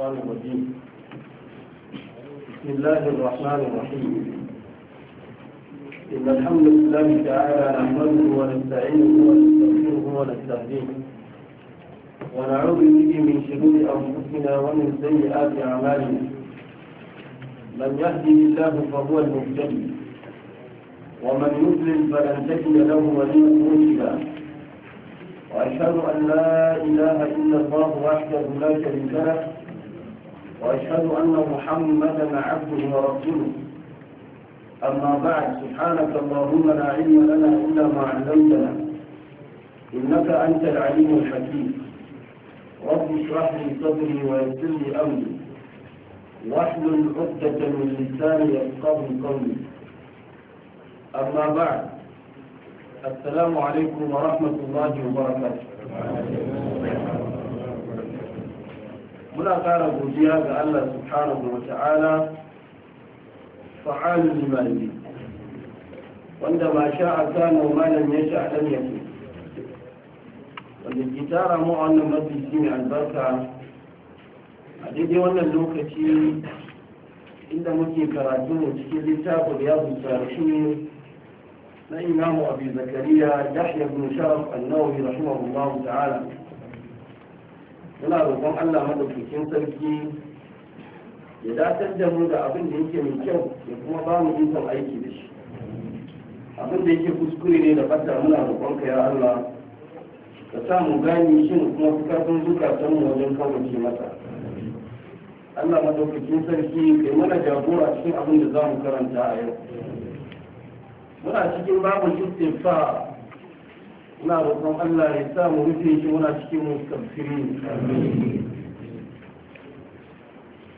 الشيطان الرجيم بسم الله الرحمن الرحيم إن الحمد لله تعالى نحمده ونستعينه ونستغفره ونستهديه ونعوذ به من شرور أنفسنا ومن سيئات أعمالنا من يهدي الله فهو المهتدي ومن يضلل فلن تجد له وليا مرشدا وأشهد أن لا إله إلا الله وحده لا شريك له وأشهد أن محمدا عبده ورسوله أما بعد سبحانك اللهم لا علم لنا إلا ما علمتنا إنك أنت العليم الحكيم رب اشرح لي صدري ويسر لي أمري واحلل عقدة من لساني يفقه قولي أما بعد السلام عليكم ورحمة الله وبركاته muna ƙara godiya ga Allah subhanahu wa ta'ala fa'alul limani wanda ba sha'a Kano malam ya sha'a dan yake wanda ke tara mu a wannan mafi mai albarka a daidai wannan lokaci inda muke karatu ne cikin littafin ya shi na imamu abu zakariya yahya bin sharaf annawi rahimahullahu ta'ala muna roƙon Allah madaukakin sarki ya datar da mu da abin da yake mai kyau ya kuma ba mu ikon aiki da shi abin da yake kuskure ne da fata muna roƙon ka ya Allah ka sa mu gani shin kuma fi karfin zukatan mu wajen kawace mata Allah madaukakin sarki kai mana jagora cikin abin da za mu karanta a yau muna cikin babu istighfar ina roƙon Allah ya sa mu rufe shi muna cikin muskafiri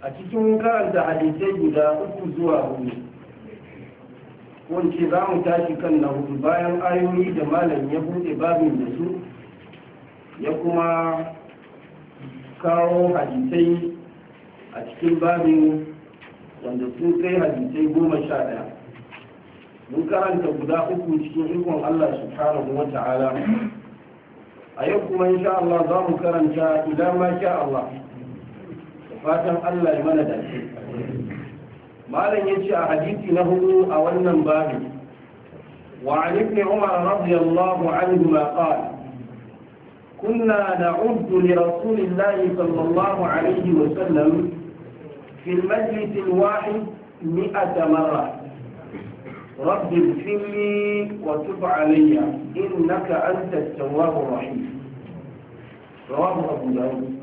a cikin karanta hadisai guda uku zuwa hudu wance za mu tashi kan na hudu bayan ayoyi da malam ya buɗe babin da su ya kuma kawo hadisai a cikin babin wanda sun kai hadisai goma sha ɗaya mun karanta guda uku cikin ikon Allah subhanahu wa ta'ala a yau kuma insha Allah za mu karanta idan ma sha Allah fatan Allah ya mana dace malam yace a hadisi na hudu a wannan babu wa an ibn Umar radiyallahu anhu ma qala كنا نعد لرسول الله صلى الله عليه وسلم في المجلس الواحد مئة مرة رب اغفر لي وتب علي إنك أنت التواب الرحيم رواه أبو داود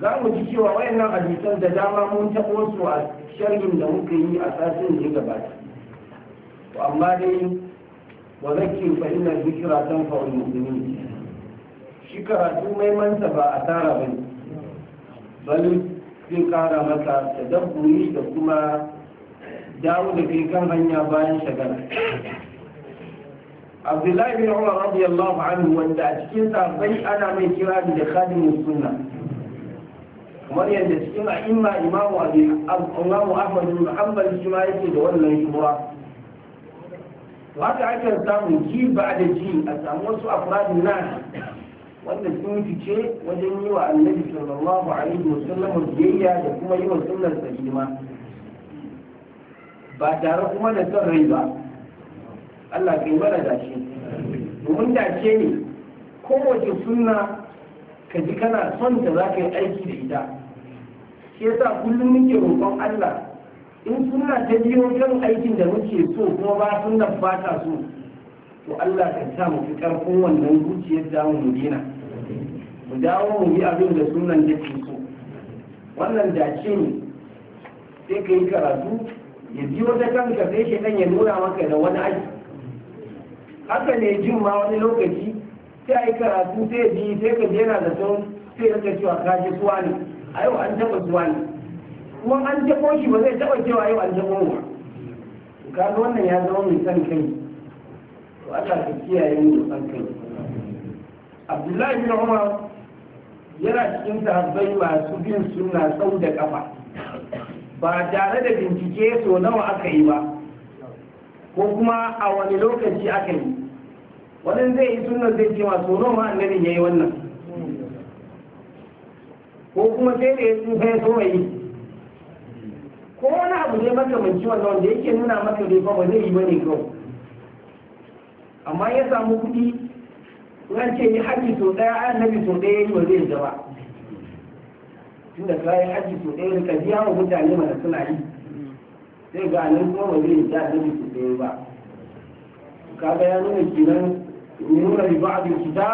za mu ji cewa wayannan hadisan da dama mun taɓo su a sharhin da muka yi a sasin da gaba to amma dai wa zakki fa inna dhikra tanfa'u al-mu'minin shi karatu mai manta ba asara bane bal zai kara maka tadabburi da kuma dawo da kai kan hanya bayan shagala abdullahi bin umar radiyallahu anhu wanda a cikin sahabbai ana mai kira da khadimus sunna kamar yadda cikin a'imma imamu abi imamu ahmad bin hanbal shi ma yake da wannan shura to haka akan ji ba da ji a samu wasu afradin nan wanda sun fice wajen yi wa annabi sallallahu alaihi wasallam biyayya da kuma yi wa sunnar sa hidima ba tare kuma da son rai ba Allah kai mana dace domin dace ne kowace sunna ka ji kana son ta za ka yi aiki da ita shi yasa kullum muke roƙon Allah in suna ta biyo kan aikin da muke so kuma ba sunna ba ta so to Allah ka sa mu fi karfin wannan zuciyar da mu dina mu dawo mu yi abin da sunan da ke so wannan dace ne sai ka yi karatu ya ji wata kanka sai shaitan ya nuna maka da wani aiki haka ne jin ma wani lokaci sai a yi karatu sai ji sai ka jera da sun sai rika cewa ka ji suwa ne a yau an taɓa suwa ne kuma an taɓa shi ba zai taɓa cewa yau an taɓa ba kaga wannan ya zama mai san kai to Allah ka kiyaye mu san kai Abdullahi bin Umar yana cikin sahabbai masu bin sunna sau da kafa ba tare da bincike so nawa aka yi ba ko kuma a wani lokaci aka yi wani zai yi sunan zai ce masu nawa annabin ya yi wannan ko kuma sai da ya tsufa ya so yi ko wani abu ne makamanci wannan wanda yake nuna maka dai ba zai yi wani ne kawai amma ya samu kuɗi an ce yi haƙƙi so ɗaya annabi so ɗaya yi ba zai ba tunda ka yi haji su ɗaya da kaji yawon mutane mana suna yi sai ga nan kuma ba zai da annabi to ɗaya ba kaga ya nuna kenan nuna riba a kita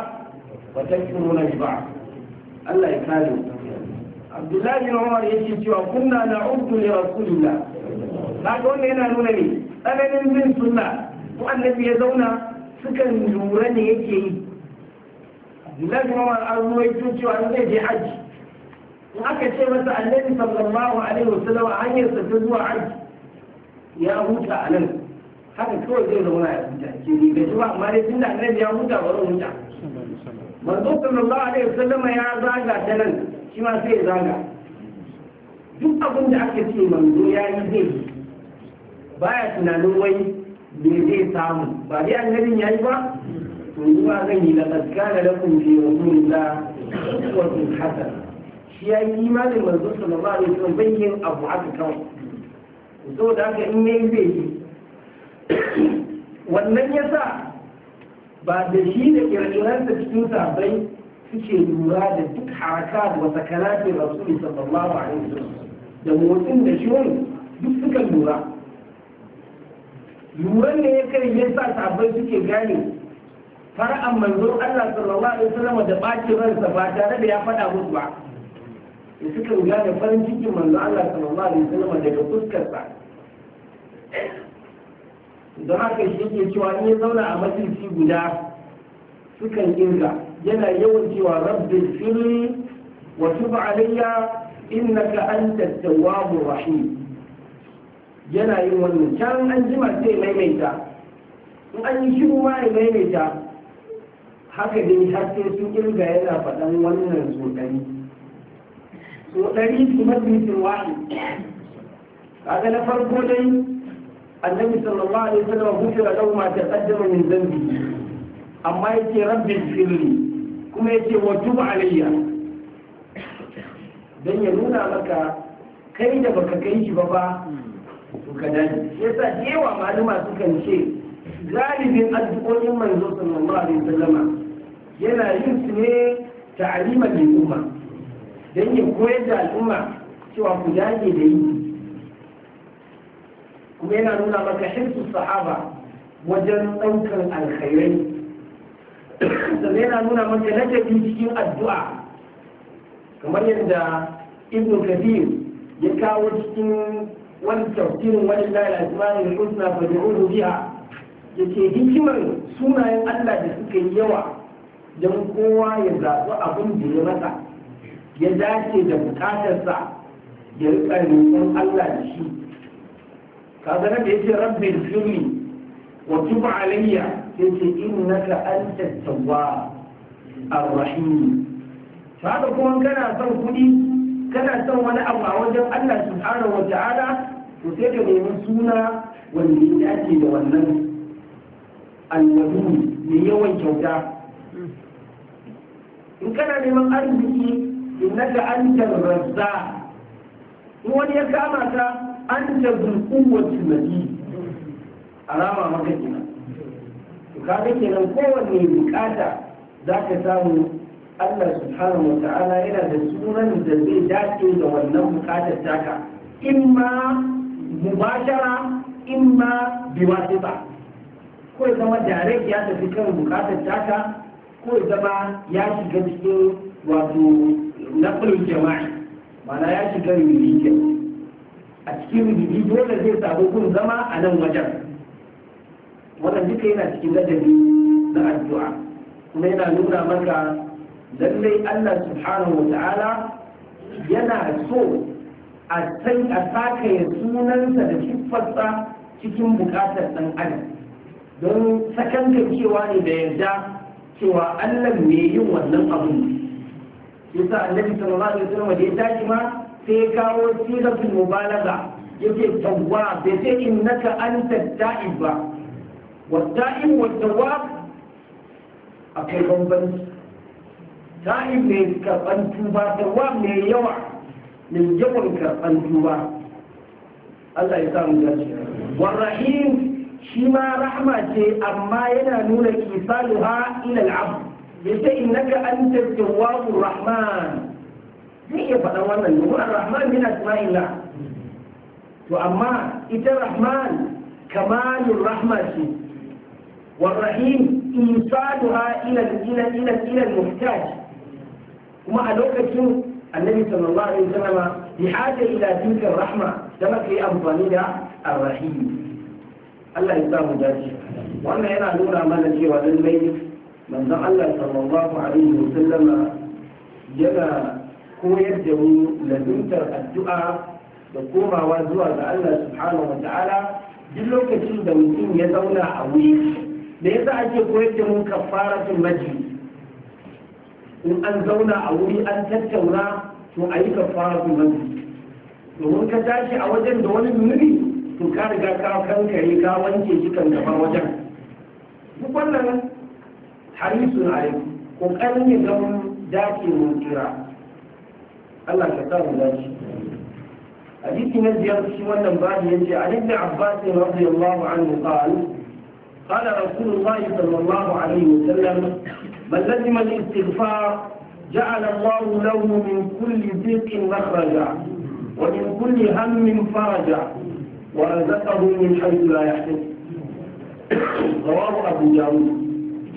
wa nuna riba Allah ya kare Abdullahi bin Umar yake cewa kunna na'uddu li rasulillah kaga wannan yana nuna ne tsananin bin sunna ko annabi ya zauna sukan lura ne yake yi Abdullahi bin Umar an ruwaito cewa zai je haji in aka ce masa annabi sallallahu alaihi wasallam a hanyar sa ta zuwa aji ya huta a nan haka kawai zai zauna ya huta ke ni bai ji ba amma dai tunda annabi ya huta ba zai huta manzo sallallahu alaihi wasallam ya zaga ta nan shi ma sai ya zaga duk abin da aka ce manzo ya yi zai baya tunanin wai me zai samu ba dai annabin ya yi ba to zuwa ma zan yi la tsakana lakum fi rasulillah uswatun hasana shi ya yi imanin manzo sallallahu alaihi wasallam bai yin abu haka kawai so da haka in yayi bai yi wannan yasa ba da shi da da cikin sabai suke lura da duk haraka da wata kalatin rasuli sallallahu alaihi wasallam da motsin da shi wani duk suka lura lura ne ya kai ya sa sabai suke gane fara'an manzo Allah sallallahu alaihi wasallam da bacin ransa ba tare da ya faɗa musu ba da suka gane farin cikin manzo Allah sallallahu alaihi wasallam daga sa don haka shi yake cewa in ya zauna a majalisi guda sukan kirga yana yawan cewa rabbi firi wa tub alayya innaka antat tawwabur rahim yana yin wannan can an jima sai maimaita in an yi shiru ma ya maimaita haka dai har sai sun kirga yana faɗan wannan tsokani to ɗari su majalisin wahi kaga na farko dai annabi sallallahu alaihi wasallam hujjar lahu ma taqaddama min zambi. amma yake rabbi firli kuma yake wa tub alayya dan ya nuna maka kai da baka kai shi ba ba to ka dani yasa yawa malama sukan ce galibin addu'o'in manzo sallallahu alaihi wasallama yana yin su ne ta'aliman lil umma don ya koyar da al'umma cewa ku dage da yi kuma yana nuna maka hirsu sahaba wajen ɗaukar alkhairai sannan yana nuna maka ladabi cikin addu'a kamar yadda ibn kabir ya kawo cikin wani tafsirin wani lalata ba da fa biya da yake hikimar sunayen Allah da suka yi yawa don kowa ya zaɓi abin da ya masa ya dace da bukatarsa ya rika roƙon Allah da shi kaga da yace rabbi firni wa tub alayya yace innaka antat tawwab ar-rahim saboda kuma kana son kuɗi kana son wani abu a wajen Allah subhanahu wa ta'ala to sai da nemi suna wanda ya dace da wannan alwadu mai yawan kyauta in kana neman arziki innaka Anta razzaq in wani ya kama ta Anta ta zulkuwacin madi alama maka kenan to kaga kenan kowanne bukata za ka samu Allah subhanahu wa yana da sunan da zai dace da wannan bukatar taka in ma mubashara in ma biwasita ko zama direct ya tafi kan bukatar taka ko zama ya shiga cikin wato nafilin jama'i mana ya shiga rubuce a cikin rubuce dole zai sabo kun zama a nan wajen wannan duka yana cikin ladabi na addu'a kuma yana nuna maka lallai Allah subhanahu wa ta'ala yana so a san a saka ya sunansa da siffarsa cikin bukatar ɗan adam don sakankan cewa ne da yarda cewa Allah mai yin wannan abun yasa annabi sallallahu alaihi wasallam da ya tashi ma sai ya kawo sigatul mubalaga yake tawwa bai sai innaka anta ta'ib ba wa da'im wa tawwab akai bambanci Da'im mai karban tuba tawwab mai yawa mai yawan karban tuba Allah ya samu dace wa rahim shi ma rahama ce amma yana nuna isaluha ila al'abd yace innaka anta tawwabur rahman zai iya faɗa wannan domin ar-rahman min asma'illah to amma ita rahman kamalur rahma ce والرحيم إيصالها إلى إلى إلى إلى المحتاج وما ألوك النبي صلى الله عليه وسلم بحاجة إلى تلك الرحمة كما في أبطانها الرحيم Allah ya samu dace wannan yana nuna mana cewa lallai manzon Allah sallallahu alaihi wa sallama yana koyar da mu lazuntar addu'a da komawa zuwa ga Allah subhanahu wa ta'ala duk lokacin da mutum ya zauna a wuri da yasa ake koyar da mu kafaratul majlis in an zauna a wuri an tattauna to a yi kafaratul majlis domin ka tashi a wajen da wani zunubi to ka riga ka kankare ka wanke shi kan gaba wajen duk wannan harisun a yi ƙoƙarin ya zama dace mun kira Allah ka sa mu dace hadisi na biyar shi wannan babu yace a ibn Abbas radiyallahu anhu qala qala rasulullah sallallahu alaihi wasallam man lazima al-istighfar جعل الله له من كل ضيق مخرجا ومن كل هم فرجا ورزقه من حيث لا يحتسب رواه أبو داود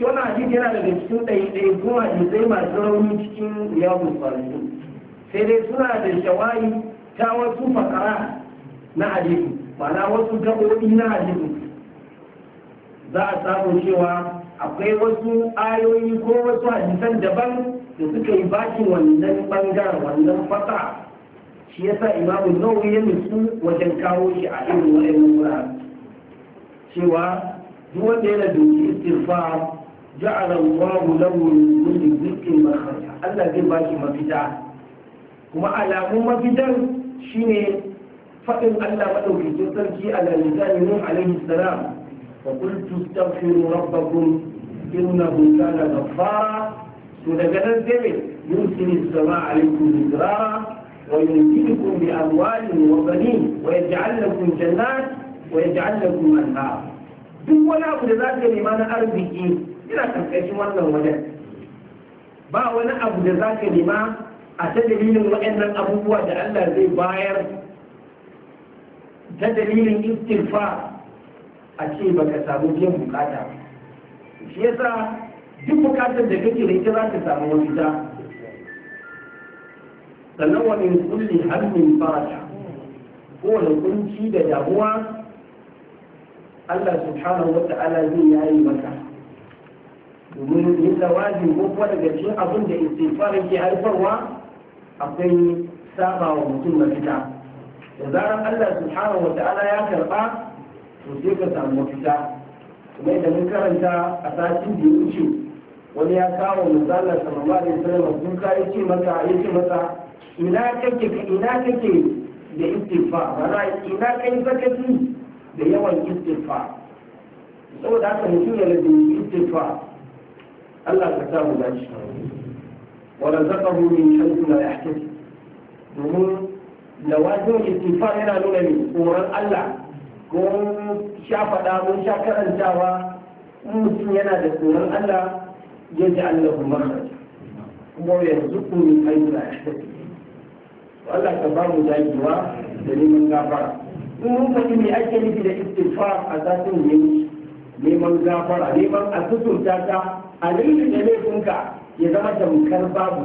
wannan hadisi yana daga cikin ɗaiɗai kuma hadisai masu rauni cikin riyadun salihin sai dai suna da shawari ta wasu fakara na hadisi ma'ana wasu gaɓoɓi na hadisi za a samu cewa akwai wasu ayoyi ko wasu hadisan daban da suka yi bakin wannan bangaren wannan fasa shi yasa imamu nawawi ya nutsu wajen kawo shi a irin wa'in wuraren cewa duk wanda yana doki istighfar ja'ala Allahu lahu min kulli dhikrin makhraja Allah zai baki mafita kuma alamun mafitan shine fadin Allah madaukakin sarki a lisan Nuh alaihi salam wa qultu astaghfiru rabbakum innahu kana ghaffara to daga nan sai yusiri sama alaikum midrara ويمددكم بأموال وبنين ويجعل لكم جنات ويجعل لكم أنهار duk wani abu da za ka nema na arziki yana karkashin wannan wajen ba wani abu da za ka nema a ta dalilin waɗannan abubuwa da Allah zai bayar ta dalilin istirfa a ce ba ka samu biyan bukata shi yasa duk bukatar da kake da ita za ka samu mafita sannan wa min kulli hammin faraja kowane kunci da damuwa Allah subhanahu wa ta'ala zai yayi maka domin yin lawazin ko kuma daga cikin abin da istighfar ke haifarwa akwai saba wa mutum mafita da zaran Allah subhanahu wa ta'ala ya karba to sai ka samu mafita kuma idan mun karanta a satin da ya wuce wani ya kawo misalar sallallahu alaihi wasallam kun kai ce maka ya ce masa ina kake ka ina kake da istighfar mana ina kai sakaci da yawan istighfar saboda haka mutum ya rabu istighfar Allah ka samu dace wa razaqahu min shay'in la yahtasib domin da wajen istighfar yana nuna ne tsoron Allah ko sha faɗa mun sha karantawa mutum yana da koran Allah ya ji Allah makhraja kuma yanzu ku min haythu ya yahtasib Allah ka ba mu dagewa da neman gafara in mun faɗi me ake nufi da istighfar a zafin ne neman gafara neman a sutunta ta a da laifinka ya zama tamkar babu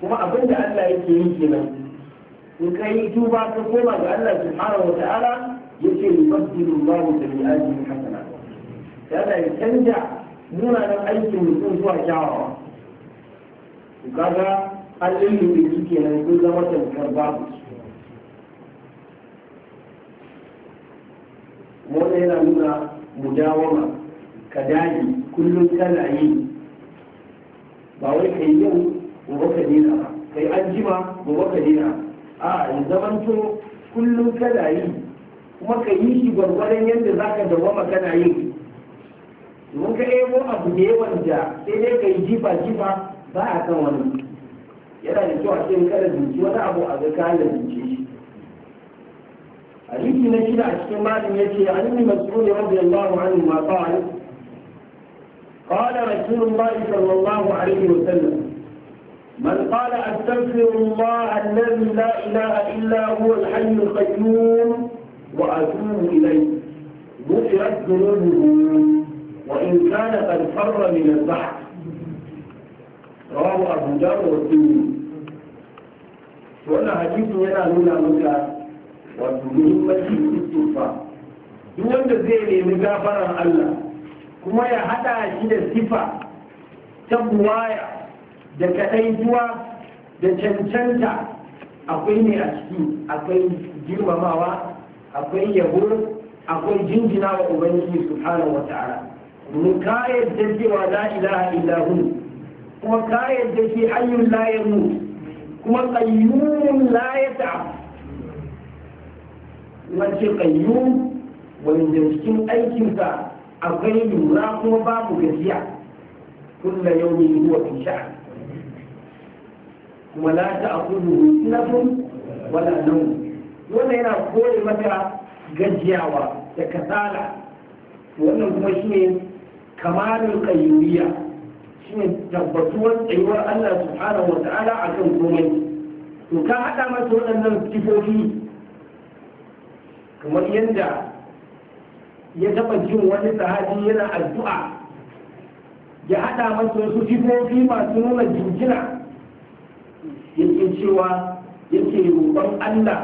kuma abin da Allah yake yi kenan in ka yi tuba ka koma ga Allah subhanahu wa ta'ala yace babu da sayyi'atihim hasanat Allah ya canja munanan aikin mutum zuwa kyawawa kaga an lullube su kenan sun zama tamkar babu wanda yana nuna mudawama ka daji kullum kana yi ba wai ka yi yau gobe ka dina ba yi an jima gobe ka dina a zaman to kullum kana yi kuma ka yi shi gwargwaron yadda za ka dawama kana yi mun ka ebo abu da yawan da sai dai ka yi jifa jifa ba a kan wani yana da kyau a cikin kada binci wani abu a ga kayan da binci shi hadisi na shida a cikin malin yace an ibn mas'ud radiyallahu anhu ma qala قال رسول الله صلى الله عليه وسلم من قال استغفر الله الذي لا اله الا هو الحي القيوم واتوب اليه غفرت ذنوبه وان كان قد فر من البحر رواه ابو داود والترمذي wannan hadisin yana nuna muka wato muhimmancin istighfar duk wanda zai nemi gafarar Allah kuma ya hada shi da sifa ta buwaya da zuwa da cancanta akwai ne a ciki akwai girmamawa akwai yabo akwai jinjina wa ubangiji subhanahu wata'ala mun ka da cewa la ilaha illa hu kuma ka da shi ayyun la yamut kuma qayyum la yata'am wa ce qayyum wanda cikin aikinsa akwai lura kuma babu gajiya kulla yawmin huwa fi sha'an kuma la na sun wala nan wannan yana kore mata gajiyawa da kasala wannan kuma shi shine kamalul qayyumiyya shi ne tabbatuwar tsayuwar Allah subhanahu wa ta'ala a kan komai to ka haɗa masa waɗannan sifofi kamar yadda ya taɓa jin wani sahabi yana addu'a ya haɗa masa wasu sifofi masu nuna jinjina yake cewa yake roƙon Allah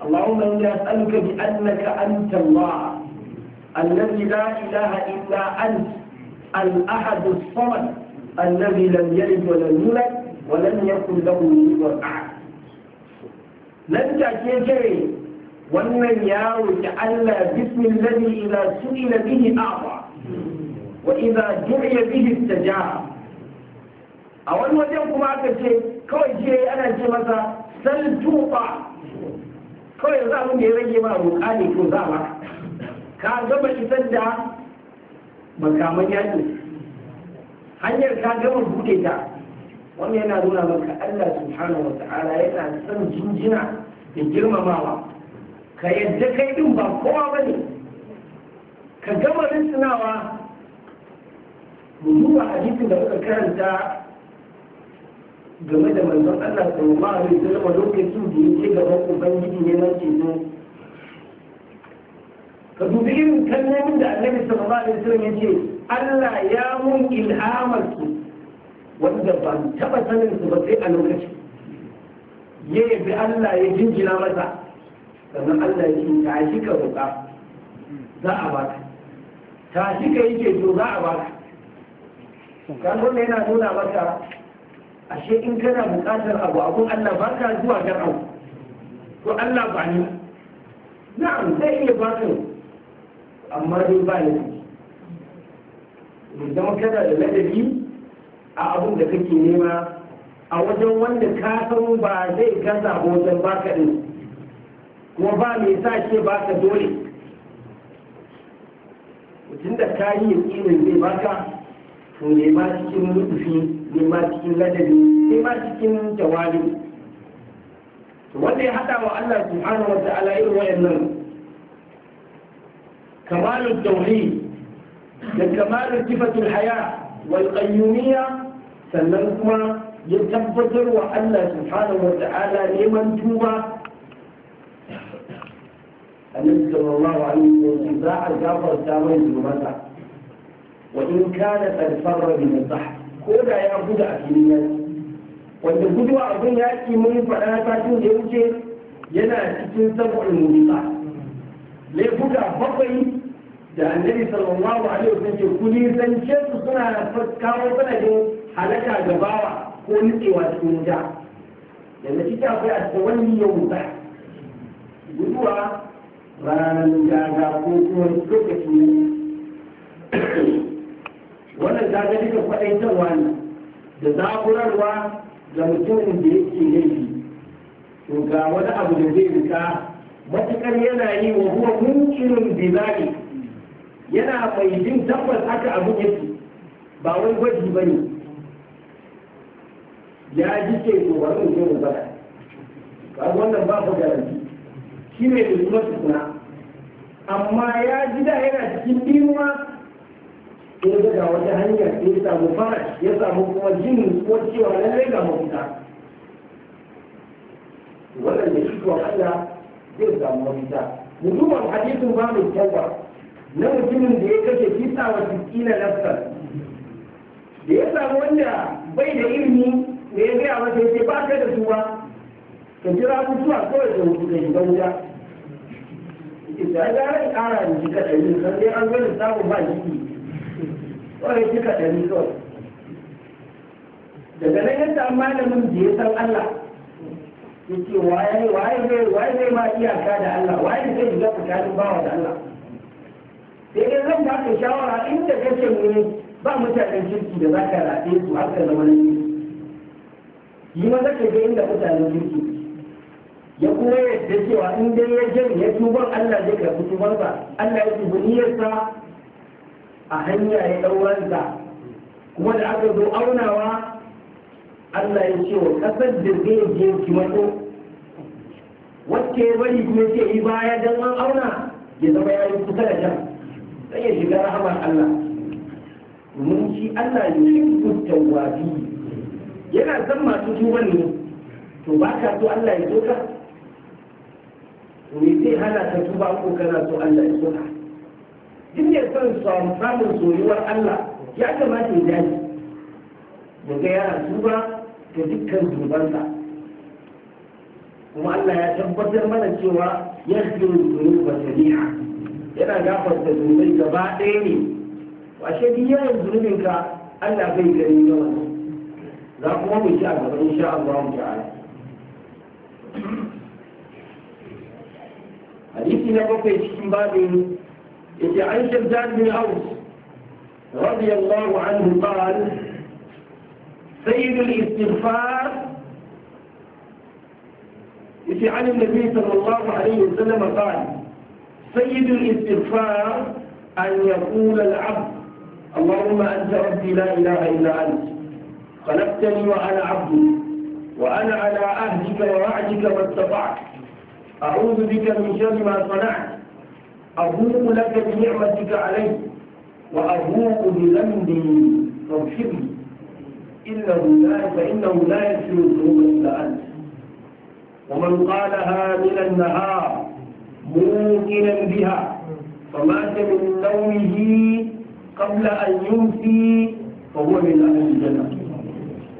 اللهم إنا نسألك بأنك أنت الله الذي لا إله إلا أنت الأحد الصمد الذي لم يلد ولم يولد ولم يكن له كفوا أحد nan take kare wannan yaro ta Allah bismin ladhi idza su'ila bihi a'ta wa idza du'iya bihi istajaba a wani wajen kuma aka ce kawai ce ana ce masa sal tuqa kawai za mu ne rage ma roƙa ne ko za ba ka gaba isar da makaman yaƙi hanyar ka gama bude ta wani yana nuna maka Allah subhanahu wa ta'ala yana son jinjina da girmamawa ka yadda kai din ba kowa ba ne ka gama rinsunawa mu duba hadisin da muka karanta game da manzon Allah sallallahu alaihi wasallam lokacin da yake gaban ubangiji ne nan ceto ka dubi irin kalmomin da annabi sallallahu alaihi wasallam yake Allah ya mun ilhamar su wanda ba taba sanin su ba sai a lokaci ya yabi Allah ya jinjina masa sannan Allah ya ce ta shi ka roƙa za a baka shi ka yi ceto za a baka kan wanda yana nuna maka ashe in kana buƙatar abu abun Allah ba ka zuwa ga abu to Allah ba ni na'am zai iya baka amma dai ba ni da zama kana da ladabi a abin da kake nema a wajen wanda ka san ba zai kasa wajen baka din kuma ba mai sa ce baka dole mutum da ka yi yakinin zai baka to nema cikin ne nema cikin ladabi nema cikin jawabi, wanda ya hada wa Allah subhanahu wa ta'ala irin wayannan kamalul tauhid لكمال صفة الحياة والقيومية سلمكما يتبتر وحل سبحانه وتعالى لمن توبة النبي صلى الله عليه وسلم لا أجابر سامي ذنوبته وإن كان قد فر من البحر كل يا بدعة في الناس wanda guduwa abin yaƙi mun faɗa satin da ya wuce yana cikin sabu'in laifuka bakwai da annabi sallallahu alaihi wasallam ke kuli san ce su suna kawo ji halaka ga bawa ko nutsewa cikin wuta na ciki akwai a wani ya wuta guduwa ranar daga ko kuma lokacin wannan daga duka kwaɗaitarwa ne da zaburarwa ga mutumin da yake laifi to ga wani abu da zai rika matuƙar yana yi wa huwa munkirin bizari yana mai jin tabbas aka abu yake ba wani gwaji ba ne ya ji ke to ke mu bada ba wannan ba ku garanti shi ne da kuma tukuna amma ya ji da yana cikin bimuwa Ya ga ga wata hanya ya samu fara ya samu kuma jin ko cewa lallai ga mafita wannan da shi to Allah zai samu mafita mutumin hadisin ba mai kyau na mutumin da ya kashe kisa wa tiskina nafsar da ya samu wanda bai da ilimi da ya gaya masa ce? ba ka da su ba ka jira mutuwa kawai da wuce da shiga wuta ita ya ran kara da shi ka ɗari kan dai an gani samun ba jiki kawai shi ka ɗari kawai daga nan yadda malamin da ya san Allah ya ce waye waye zai waye ma iyaka da Allah waye zai shiga tsakanin bawa da Allah sai dai zan ba ka shawara inda kake ne ba mutanen kirki da za ka rafe su har ka zama nan yi maza ka ga inda mutanen kirki ya kuma yadda cewa in dai ya jan ya tuban Allah zai karɓi tubansa Allah ya tubi niyyarsa a hanya ya ɗauransa kuma da aka zo aunawa Allah ya ce wa ƙasar da zai je ki mato wacce ya bari kuma ce yi baya don an auna ya zama ya yi kusa da can sai ya shiga rahamar Allah domin shi Allah ya shirku tawwabi yana san masu tuban ne to ba ka so Allah ya soka me zai hana ka tuba ko kana so Allah ya soka duk ne san samun soyuwar Allah ya kamata ya dace ga yana tuba da dukkan tubansa kuma Allah ya tabbatar mana cewa ya fi zuwa ba yana gafarta zunubai gaba ɗaya ne washe duk yawan zunubin ka Allah bai gani na yawan za kuma mu shi a gaba insha Allah mu ta ala hadisi na bakwai cikin babin yake an shaddad bin aus رضي الله عنه قال سيد الاستغفار عن النبي صلى الله عليه وسلم قال سيد الاستغفار أن يقول العبد اللهم أنت ربي لا إله إلا أنت خلقتني وأنا عبدي وأنا على عهدك ووعدك ما استطعت أعوذ بك من شر ما صنعت أبوء لك بنعمتك علي وأبوء بذنبي فاغفر لي إنه لا فإنه لا يغفر الذنوب إلا أنت ومن قالها من النهار موقنا بها فمات من نومه قبل أن يمسي فهو من أهل الجنة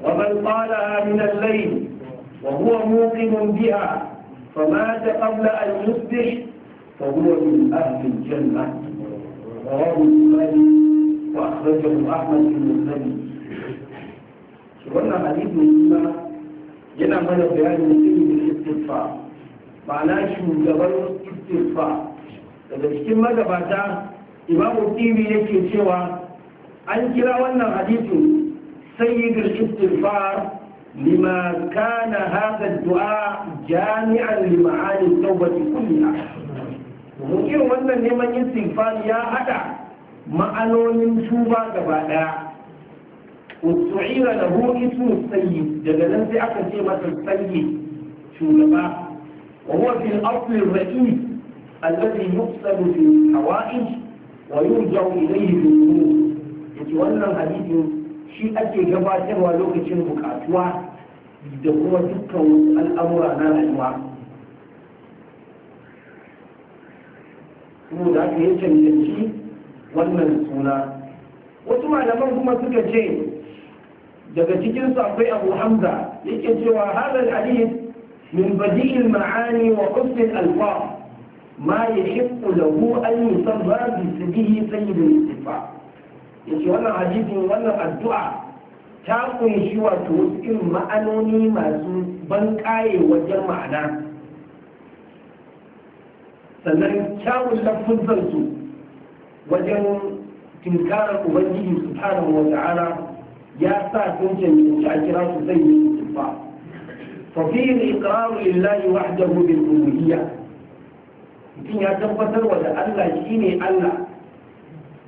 ومن قالها من الليل وهو موقن بها فمات قبل أن يصبح فهو من أهل الجنة رواه البخاري وأخرجه أحمد بن مسلم شوفنا حديث من yana mana بهذه sirrin ba na shugaban istirfa daga cikin magabata imamu tiri yake cewa an kira wannan hadisu sayyidar istirfa lima kana hada du'a jami'an lima'ani tawbati kulliya mun irin wannan neman istirfa ya hada ma'anonin tuba gaba daya وسعير له اسم السيد جدلا في aka شيء مثل السيد شو وهو في الأصل الرئيس الذي يقصد في الحوائج ويرجع إليه في الأمور يتولى الحديث شيء أكي جباتر ولوك تنبك أتوا هو دكا الأمر أنا الأنواع kuma da aka yi cancanci wannan suna wasu malaman kuma suka ce daga cikinsu akwai abu hamza yake cewa halar hadith من بديع المعاني وحسن الألفاظ ما يحق له أن يسمى باسمه سيد الاستغفار yace wannan hadisin wannan addu'a ta kunshi wato wasu irin ma'anoni masu ban kaye wajen ma'ana sannan kyawun lafuzansu wajen tinkarar ubangiji subhanahu wa ta'ala ya sa sun cancanci a su zai yi tufa ففي الإقرار لله وحده بالألوهية إن يتفتر ولأن يشيني ألا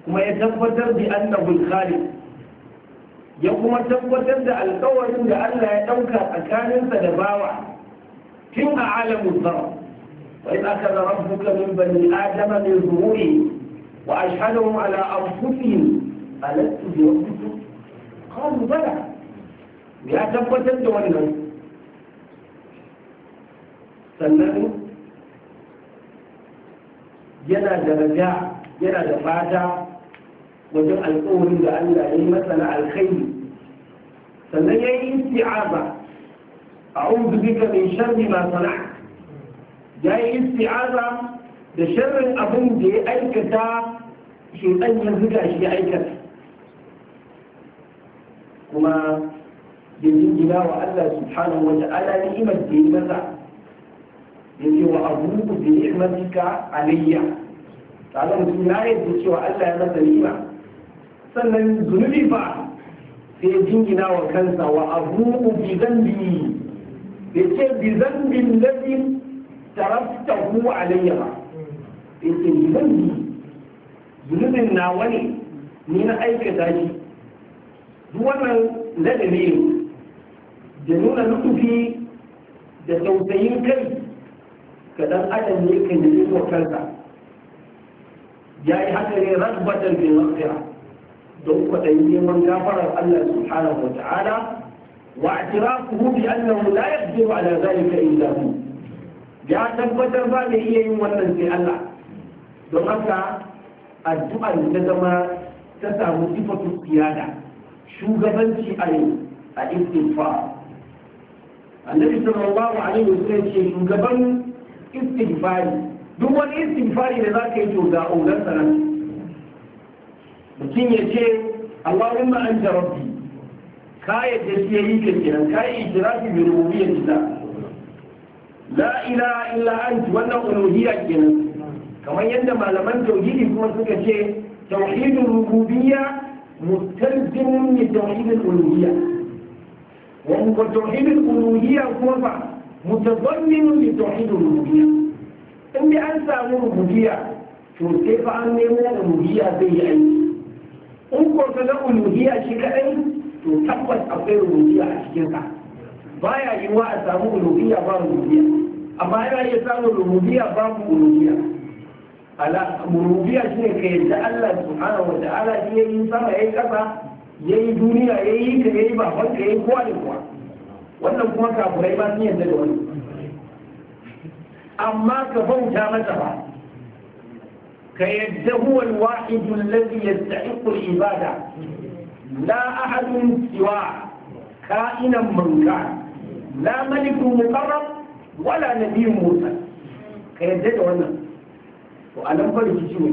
كما يتفتر بأنه الخالق يا كما تفتر ده القول ده ألا يتوكى أكان فدباوة كما عالم الضرب وإذ أخذ ربك من بني آدم من ظهوره وأشهدهم على أنفسهم ألست بربكم قالوا بلى يا تفتر ده sannan yana da raja yana da fata wajen alkawarin da Allah ya yi masa na alkhairi sannan ya yi isti'aza a'udhu bika min sharri ma sana'a ya yi isti'aza da sharrin abin da ya aikata shi dan ya zuga shi ya aikata kuma ya jingina wa Allah subhanahu wa ta'ala ni'imar da ya masa Yanzu wa abuku bi ni'matika alayya kaga mutum ya yadda cewa Allah ya masa ni'ima sannan zunubi ba sai jingina wa kansa wa abuku bi zambi yace bi zambi alladhi taraftahu alayya ba ce bi zambi zunubin nawa ne ni na aikata shi duk wannan ladabi ne da nuna nufi da tausayin kai ka dan adam ne ka nemi kanka ya yi haka ne rasbatar bin mafira don kwaɗayi neman gafarar Allah subhanahu wa wa atirafuhu bi annahu la yaqdiru ala zalika illa hu ya tabbatar ba da iya yin wannan sai Allah don haka addu'ar ta zama ta samu sifatu qiyada shugabanci a yau a istighfar annabi sallallahu alaihi wasallam ce shugaban istighfari duk wani istighfari da za ka yi to ga ogar sanar mutum ya ce Allahumma anta rabbi ka yadda shi yayi ke kenan ka yi ikirafi bi rububiyyar kita la ilaha illa anta wannan uluhiyya kenan kamar yadda malaman tauhidi kuma suka ce tauhidin rububiyya mustalzimun li tauhidin uluhiyya wa tauhidin uluhiyya kuma fa mutadammin li tauhid rububiyya in dai an samu rububiyya to sai fa an nemo rububiyya zai yi aiki in ko ka ga uluhiyya shi kadai to tabbas akwai rububiyya a cikin sa baya yiwa a samu uluhiyya ba rububiyya amma yana iya samun rububiyya babu uluhiyya ala rububiyya shine ka yadda Allah subhanahu wa ta'ala shi yayi sama ya kasa yayi duniya yayi ka yayi baban ka yayi kowa da kowa wannan kuma kafurai ba sun yadda da wani amma ka bauta masa ba ka yadda huwa al-wahidu alladhi yastahiqu al-ibada la ahadun siwa ka'inan manka la malikun muqarrab wala nabiyyun mursal ka yadda da wannan to anan fa rikici ne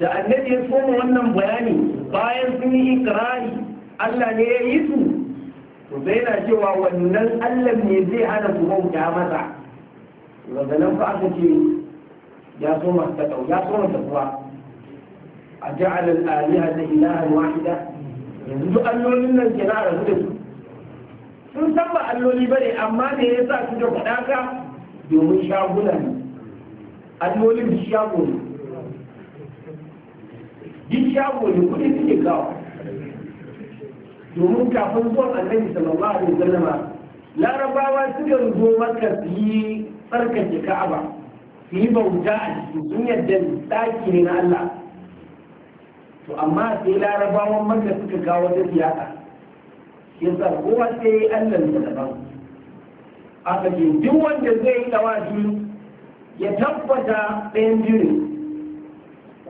da annabi ya soma wannan bayani bayan sun yi ikrari Allah ne ya yi su to sai na cewa wannan allah ne zai hana su bauta masa daga nan fa aka ce ya so masu taɗau ya so masu kuwa a ja'ala al'aliha da ilahan wahida yanzu duk allolin nan ke na rabu da su sun san ba alloli ba ne amma me ya sa su da faɗa ka domin shaguna ne allolin shago ne duk shago ne kuɗi suke kawo domin kafin zuwan annabi sallallahu alaihi wasallama larabawa sukan zo maka su yi tsarkake ka'aba su yi bauta a cikin sun yadda tsaki ne na Allah to amma sai larabawan maka suka kawo wata siyasa yasa kowa sai Allah ne daban aka ce duk wanda zai yi tawafi ya tabbata ɗayan biyu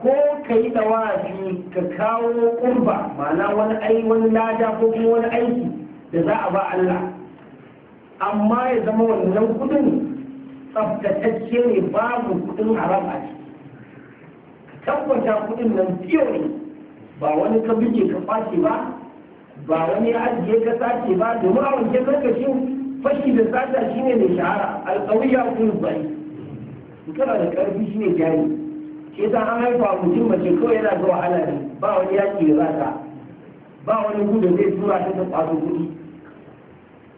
ko ka yi tawafi ka kawo kurba ma'ana wani ai wani lada ko kuma wani aiki da za a ba Allah amma ya zama wannan kudin tsaftatacce ne babu kudin haram a ciki tabbata kudin nan fiye ne ba wani ka bige ka fashe ba ba wani ya ajiye ka sace ba domin a wanke karkashin fashi da sata shine mai shahara alƙawiya kun bai kana da ƙarfi shine jari shi ta an haifa mutum mace kawai yana da wahala ne ba wani yaki da zata ba wani gudu zai tura ta ta kwato kuɗi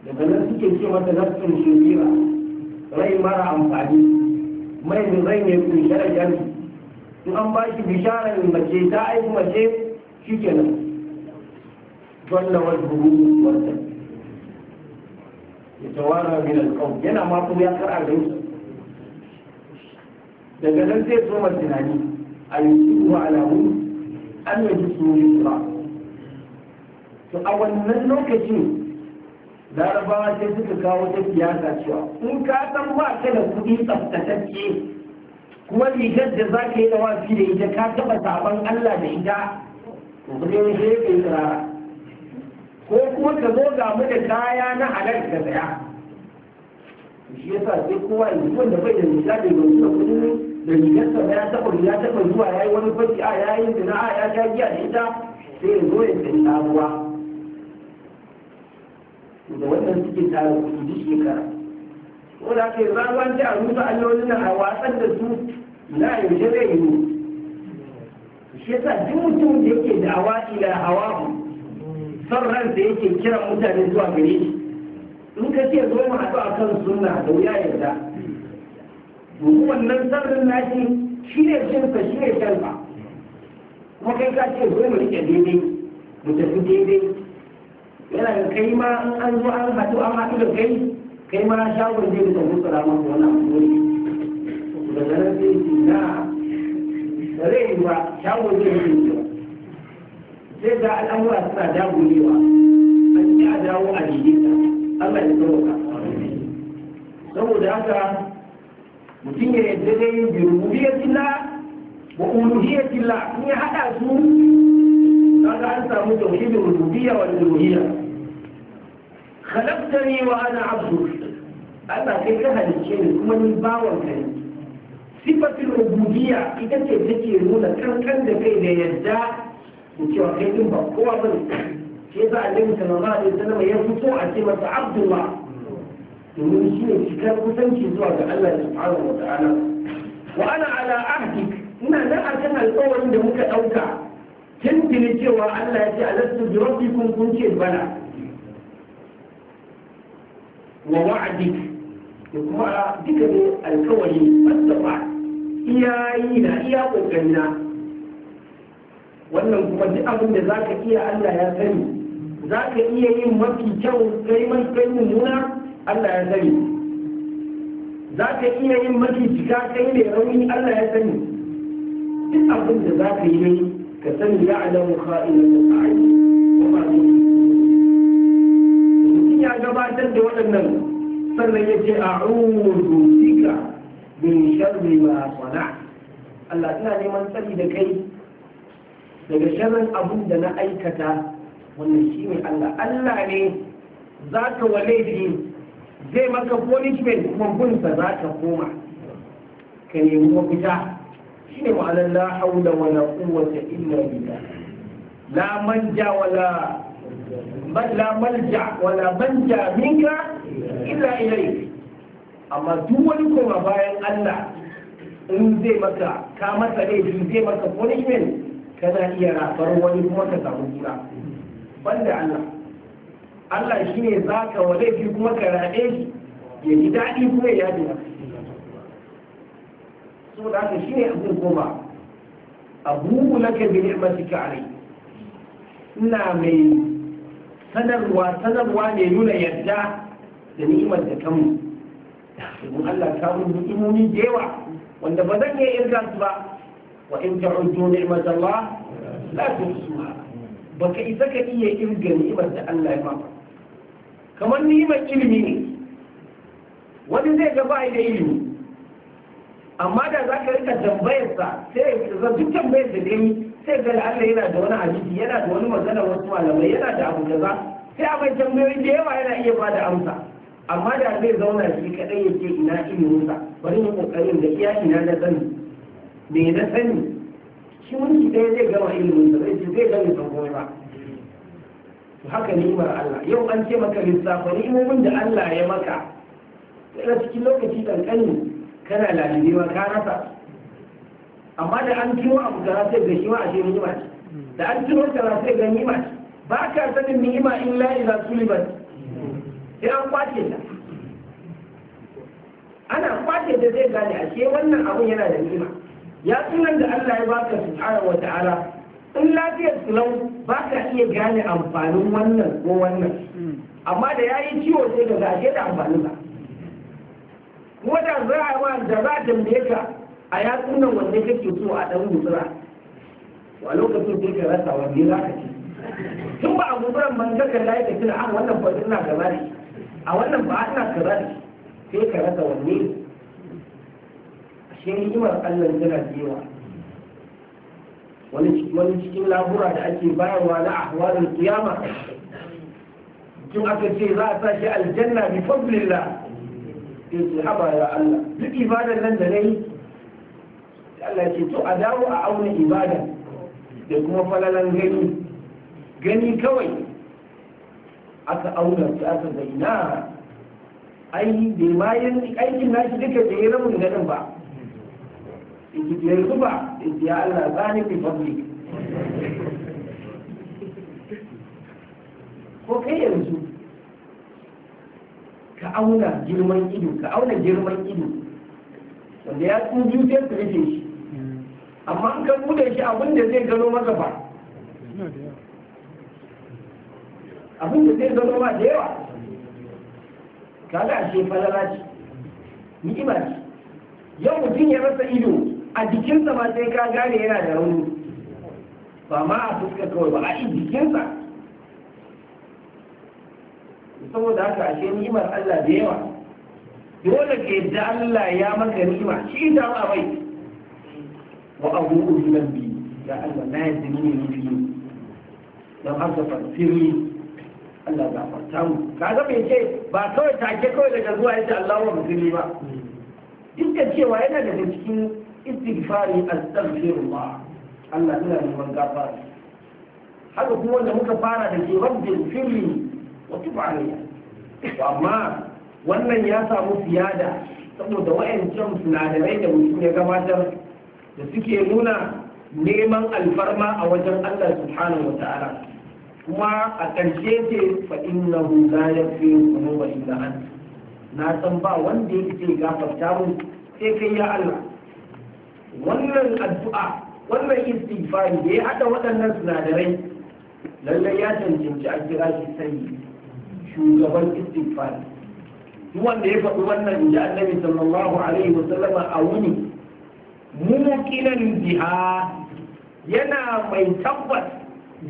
daga nan suke ce mata nafsin shirira rai mara amfani mai da rai ne kun shara jami in an ba shi bisharar mace ta aiki mace shi ke nan wannan wasu hukumu wata ya tawara min alƙawar yana ma kuma ya kar'a da daga nan zai soma tunani a yi alamu an yi su ba to a wannan lokacin larabawa sai suka kawo ta siyasa cewa in ka san ba ka da kuɗi tsaftatacce kuma rigar da za ka yi wafi da ita ka taɓa sabon allah da ita to zai ka yi ko kuma ka zo ga da kaya na halar da daya shi yasa sai kowa yanzu wanda bai da misali ba wani da ne da rigarsa ya taɓa ya taɓa zuwa ya yi wani fashi a ya yi a ya ta giya da ita sai ya zo ya sayi sabuwa da wannan suke tara kuɗi duk shekara ko da ke zaɓan ta a rusa allolin nan a wasan da su na yaushe zai yi mu. shi yasa duk mutum da yake da'awa ila hawa son ran da yake kiran mutane zuwa gare shi in ka ce zo mu haɗu a kan suna da wuya yarda domin wannan sirrin nashi shi ne ne shi ne shansa kuma kai ka ce zo mu rike daidai mu tafi daidai yana da kai ma an zo an hatu an hatu da kai kai ma shagon zai da tafi salama ko wani abu ne da nan zai ce na zai yi ba shagon zai yi ba sai ga al'amura suna jagorewa an ci a dawo a jirgin Allah ya tsawo ka saboda haka mutum ya yadda da yin bi rububiyatillah wa uluhiyatillah in ya haɗa su kaga an samu tauhidin rububiyya wa uluhiyya khalaqtani wa ana abduk Allah kai ka halicce ni kuma ni bawon ka ne sifatul rububiyya ita ce take nuna kankan da kai da yadda da cewa kai din ba kowa bane sai za a nemi sallallahu alaihi wasallam ya fito a ce masa abdullah domin su ne cikar kusanci zuwa ga Allah subhanahu wa ta'ala wa ana ala ahdi ina da a kan alƙawarin da muka ɗauka tuntuni cewa Allah ya ce alastu bi rabbikum kun ce bala wa wa'dik da kuma duka ne alƙawari mustafa iya yi na iya kokari na wannan kuma duk abin da zaka iya Allah ya sani zaka iya yin mafi kyau kai mai kai mummuna Allah ya sani za ka iya yin cika kai ne rauni Allah ya sani duk abin da za ka yi ne ka sani ya alamu kha'ina ta ta'ayi wa ba su mutum ya gabatar da waɗannan sannan ya ce a'udhu bika min sharri ma sana'a Allah ina neman sani da kai daga sharrin abin da na aikata wannan shi ne Allah Allah ne za ka wa laifi zai maka punishment kuma gunsa za ka koma ka nemi mafita shi ne ma'anar la haula wa la quwwata illa billah la manja wa la manja minka illa ilayk amma duk wani koma bayan Allah in zai maka ka masa laifi zai maka punishment kana iya rafar wani kuma ka samu kura banda Allah Allah shi ne za ka wa laifi kuma ka raɗe shi ya ji daɗi kuma ya yaɗe so da haka shi ne abin goma abu laka bi ni'matika alai ina mai sanarwa sanarwa ne nuna yarda da ni'imar da kanmu domin Allah ta mun ni'imomi da yawa wanda ba zan iya irga su ba wa in ta'uddu ni'matallah la tuhsuha baka isa ka iya irga ni'imar da Allah ya maka kamar ni'imar ilimi ne wani zai ga yi da ilimi amma da za ka rika tambayarsa sai ya duk tambayar da dai sai ga Allah yana da wani hadisi yana da wani magana wasu malamai yana da abu kaza sai a mai tambayoyi da yawa yana iya ba da amsa amma da zai zauna shi kadai ya ce ina iliminsa bari mu kokarin da iya ina na sani me na sani shi mun shi ɗaya zai gama iliminsa zai ce zai gama san ba haka ni'imar Allah yau an ce maka lissafa ni'imomin da Allah ya maka yana cikin lokaci kankani kana lalibewa ka rasa amma da an kiro abu kaza sai ga shi ma ashe ni'ima ce da an kiro ta sai ga ni'ima ce ba ka sanin ni'ima illa idza sulibat sai an kwace ta ana kwace ta zai gane ashe wannan abun yana da ni'ima ya sunan da Allah ya baka subhanahu wa ta'ala in lafiyar sulau ba ka iya gane amfanin wannan ko wannan amma da ya yi ciwo sai da gaje da amfanin ba kuma da za a ma da za a tambaye ka a yatsun nan wanda kake so a dan gutsura a lokacin sai ka rasa wanne za ka ci tun ba a gutsuran ban ka kalla ya tafi ah, a wannan ba ina da ne a wannan ba ina da ne sai ka rasa wanne shi ni'imar Allah tana da yawa wani cikin labura da ake bayarwa na ahwalin kiyama tun aka ce za a sashi aljanna bi fadlilla sai ce haba ya Allah duk ibadan nan da nayi Allah ce to a dawo a auna ibada da kuma falalan gani gani kawai aka auna ta aka bayyana ai bai ma aikin nashi duka da ya rabin ganin ba yanzu ba ya Allah zani fi fadli ko kai yanzu ka auna girman ido ka auna girman ido wanda ya tsu biyu sai su rufe shi amma an ka bude shi abin da zai gano maka ba abin da zai gano ma da yawa kaga ashe falala ce ni'ima ce yau mutum ya rasa ido a jikinsa ba sai ka gane yana da rauni ba ma a fuska kawai ba a yi jikinsa saboda haka ashe ni'imar Allah da yawa dole ke da Allah ya maka ni'ima shi da ma bai wa abu ujiban bi ya Allah na yadda ni ne nufi don haka fasiri Allah ga farta mu ka ga bai ce ba kawai take kawai daga zuwa Allah Allahu musulmi ba duk da cewa yana daga cikin istighfari astaghfirullah Allah ina neman gafara haka kuma wanda muka fara da ke rabbil firri wa tub alayya to amma wannan ya samu fiyada saboda wayancan sinadarai da mutum ya gabatar da suke nuna neman alfarma a wajen Allah subhanahu wa ta'ala kuma a ƙarshe ce fa innahu la yaghfiru dhunuba illa anta na san ba wanda yake gafarta mu sai kai ya Allah wannan addu'a wannan istighfari da ya haɗa waɗannan sinadarai lallai ya cancanci a kira shi sai shugaban istighfari duk wanda ya faɗi wannan inji annabi sallallahu alaihi wasallam a wuni mukinan biha yana mai tabbas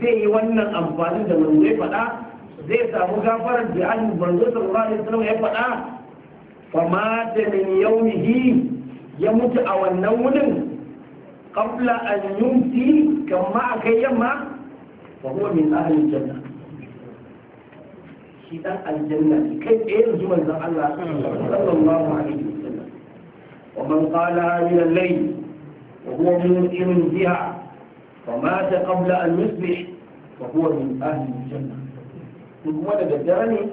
zai yi wannan amfani da manzo ya faɗa zai samu gafarar da an manzo sallallahu alaihi wasallam ya faɗa fa ma da min yawmihi ya mutu a wannan wurin qabla an yumsi kamma akai yamma ba kuma min tsarin janna shi dan aljanna kai tsaye yanzu manzon Allah sallallahu alaihi wasallam wa man qala min al-layl wa huwa muqim biha fa mata qabla an yusbih fa huwa min ahli janna kuma daga dare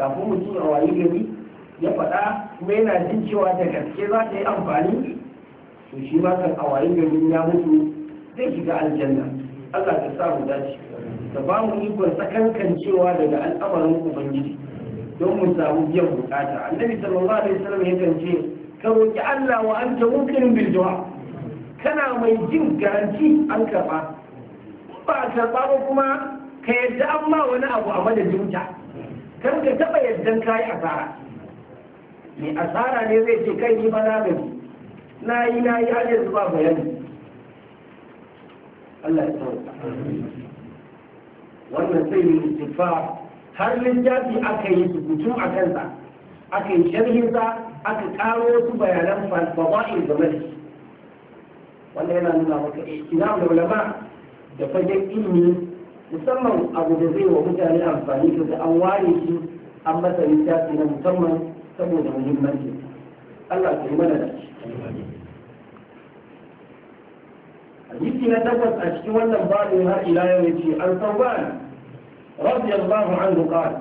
kafin mutum a wayi gari ya faɗa kuma yana jin cewa da gaske za ta yi amfani to shi ma kan awayin garin ya mutu zai shiga aljanna Allah ta sa mu dace da ba mu ikon sakankancewa daga al'amarin ubangiji don mu samu biyan bukata annabi sallallahu alaihi wasallam ya ce ka roki Allah wa anta mukirin bil du'a kana mai jin garanti an karba ba karba ba kuma ka yadda an wani abu a madadin ta kar ka taba yaddan kai asara mai asara ne zai ce kai ba na gani na yi na yi har yanzu ba bayani Allah ya tsawo wannan sai yi istifa har littafi aka yi rubutu a kansa aka yi sharhinsa aka karo wasu bayanan fada'in game da shi wannan yana nuna maka ina da ulama da fagen ilimi musamman abu da zai wa mutane amfani da an ware shi an masa littafi na musamman saboda muhimmanci Allah ta yi mana da shi hadisi na tabbas a cikin wannan babu har ila yau yace an sauban رضي الله عنه قال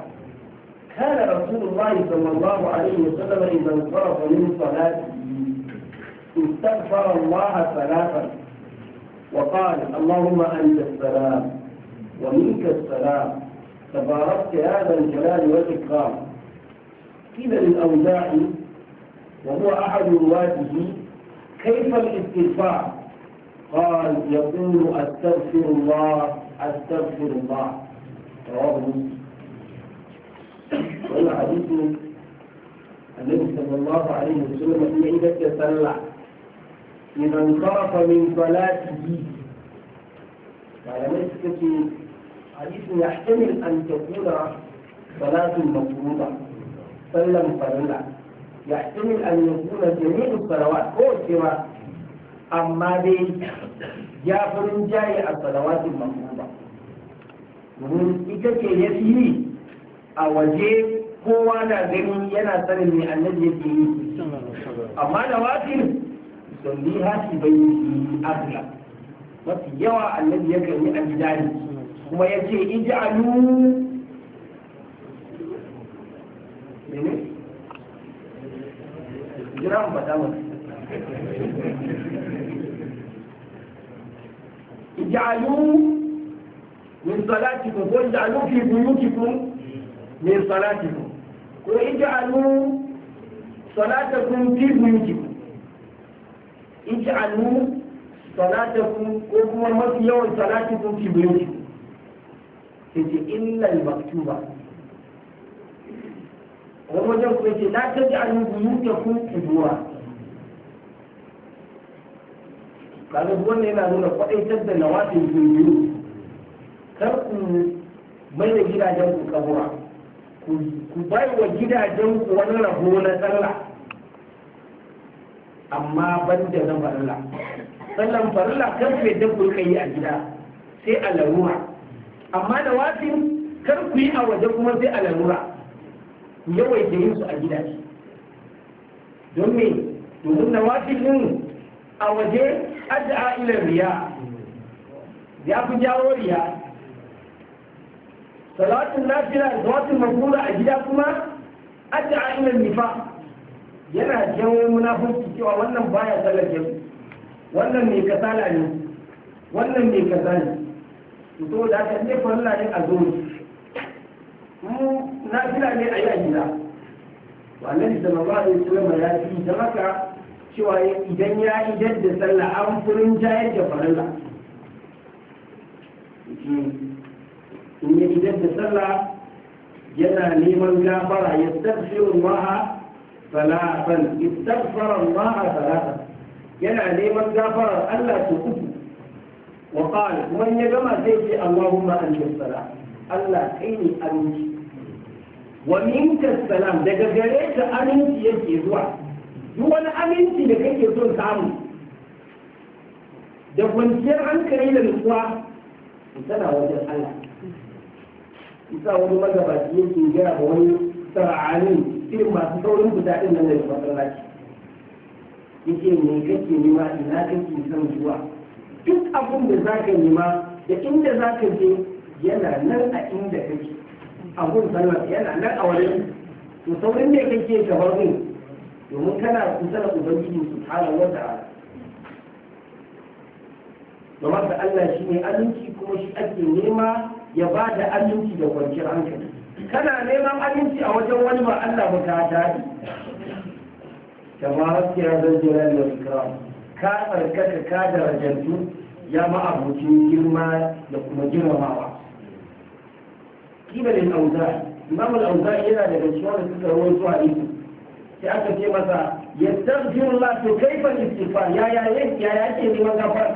كان رسول الله صلى الله عليه وسلم إذا انصرف من صلاته استغفر الله ثلاثا وقال اللهم أنت السلام ومنك السلام تباركت يا ذا الجلال والإكرام قيل للأوزاعي وهو أحد رواده كيف الاستغفار قال يقول أستغفر الله أستغفر الله رواه مسلم ولا حديث النبي صلى الله عليه وسلم في عيدة يتسلع إذا انصرف من صلاته على مسكة حديث يحتمل أن تكون صلاة مفروضة sallan farilla يحتمل أن يكون جميع الصلوات هو سوى أما دي جافر جاي الصلوات المفروضة domin ita ce ya fi yi a waje kowa na gani yana sanin mai annabi ya fi yi amma da wafin don bi bai yi asila mafi yawa annabi ya kan yi a gida kuma ya ce alu za mu faɗa mu ja'alu min salatikum ko ja'alu fi buyutikum min salatikum ko ij'alu salatakum fi buyutikum ij'alu salatakum ko kuma mafi yawan salatikum fi buyutikum sai ce illa al-maktuba wajen kuma ce na ta ji an buyu da kun kuduwa kaga wannan yana nuna kwaɗaitar da nawafin biyu kar ku mai da gidajen ku kabura ku bai wa gidajen ku wani rabo na sallah amma ban da na farilla sallan farilla kar ku da ku kai a gida sai a larura amma nawafin kar ku yi a waje kuma sai a larura ku yawaita yin su a gidaje don me domin na wajibin a waje addu'a ila riya ya fi jawo riya salatun nafila da salatun makula a gida kuma addu'a ila nifa yana jawo munafurci cewa wannan baya tsallake wannan mai kasala ne wannan mai kasala ne to da haka ne fa ne a zo Na nafila ne a yi a gida to annabi sallallahu alaihi wasallam ya fi da maka, cewa idan ya idar da sallah an furin jayar da farilla in ya idar da sallah yana neman gafara ya tafsirin ma'a salatan istaghfaran ma'a salatan yana neman gafarar Allah ta uku wa qala wani ya gama sai ce Allahumma anta salam Allah kai ne aminci wa salam daga gare ta aminci yake zuwa duk wani aminci da kake son samu da kwanciyar hankali da nutsuwa tana wajen Allah isa wani magabaci yake gaya ba wani sara'anin irin masu saurin fita din nan da masallaci yake me kake nema ina kake son zuwa duk abin da zaka nema da inda zaka je yana nan a inda kake a gun sallar yana nan a wurin to saurin ne kake gaban gun domin kana kusa da ubangiji subhanahu wa ta'ala domin da Allah shi ne aminci kuma shi ake nema ya ba da aminci da kwanciyar hankali kana neman aminci a wajen wani ba Allah ba ka daɗi kama haske ya zanjira da ikram ka tsarkaka ka darajantu ya abokin girma da kuma girmamawa قيل للأوزاعي إمام الأوزاعي هنا لبشوان ruwan zuwa حديثه sai aka ce masa ya yastaghfirullah to kaifa istighfar ya ya ya ya ke neman gafar?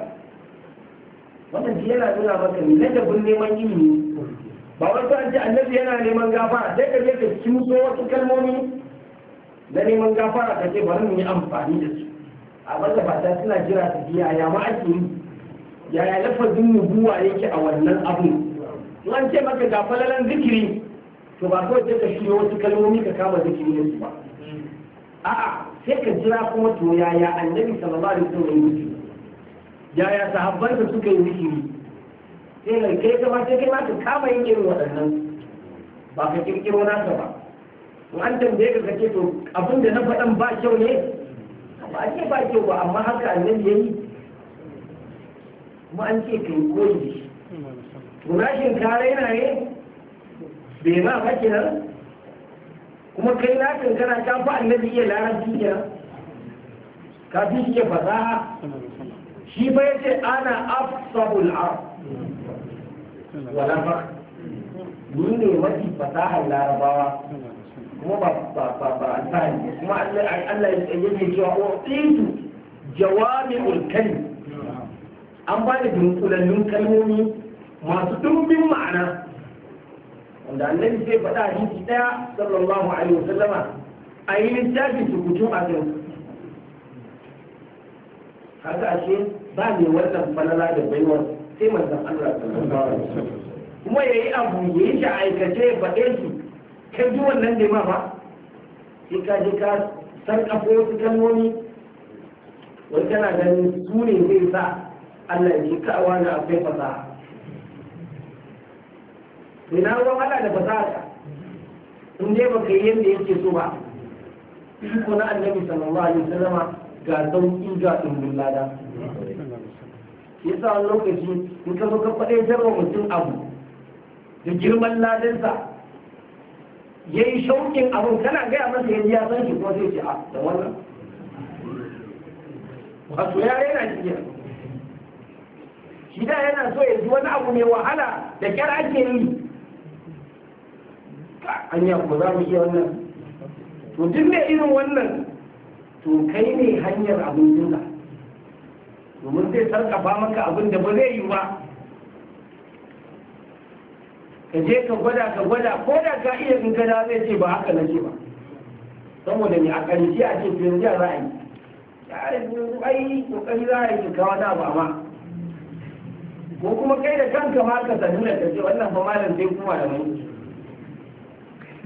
far wannan ji yana nuna maka ne da bin neman ilimi ba wasu an ce annabi yana neman gafara sai ka je ka kimso wasu kalmomi na neman gafara ka ce bari mu yi amfani da su a maza ba ta suna jira su biya ya ma ake yi yaya lafazin nubuwa yake a wannan abu in an ce maka ga falalan zikiri to ba kawai sai ka shirya wasu kalmomi ka kama zikiri ne su ba a'a sai ka jira kuma to yaya annabi sallallahu alaihi wasallam ya yi sahabban sahabbansa suka yi zikiri sai kai kai kama sai kai ma ka kama yin irin waɗannan ba ka kirkiro nasa ba in an tambaye ka kace to abin da na faɗan ba kyau ne ba ce ba kyau ba amma haka annabi yayi kuma an ce kai koyi tunashin kare na ne bai ma ba kenan kuma kai na kankana ta fa annabi iya larabci kenan ka fi shi fasaha shi ba ya ce ana afsahul ar wala fa ni ne mafi fasahar larabawa kuma ba ba ba ba alfahari kuma Allah ya ce cewa o tsitu jawami'ul kalim an ba da dunkulallun kalmomi masu dumbin ma'ana wanda annabi zai faɗa hadisi ɗaya sallallahu alaihi wasallama a yi littafin rubutun a kan haka ashe ba ne wannan falala da baiwar sai manzon Allah sallallahu alaihi wasallam kuma yayi abu yayi shi aikace ya faɗe shi kai ji wannan ne ma ba sai ka je ka sarƙafo wasu kalmomi wani kana ganin su ne zai sa Allah ya ce ka'awa na akwai fasaha ina ruwan Allah da fasaha in dai baka yi yadda yake so ba iko na annabi sallallahu alaihi wasallama ga sauki ga dumbin lada yasa wani lokaci in ka zo ka faɗe jarwa mutum abu da girman ladansa ya yi shauƙin abin kana gaya masa yanzu ya san shi kuma sai ce a ah, da wannan wato ya yana shi shi da yana so ya ji wani abu mai wahala da kyar ake yi anya ko za mu iya wannan to duk mai irin wannan to kai ne hanyar abin duniya domin zai sarkafa maka abin da ba zai yi ba ka je ka gwada ka gwada ko da ka iya in gada zai ce ba haka na ce ba saboda mai a ƙarshe a ce yanzu za a yi ai kokari za a yi kawo na ba ma ko kuma kai da kanka ma ka sanu da ce wannan fa malam sai kuma da mai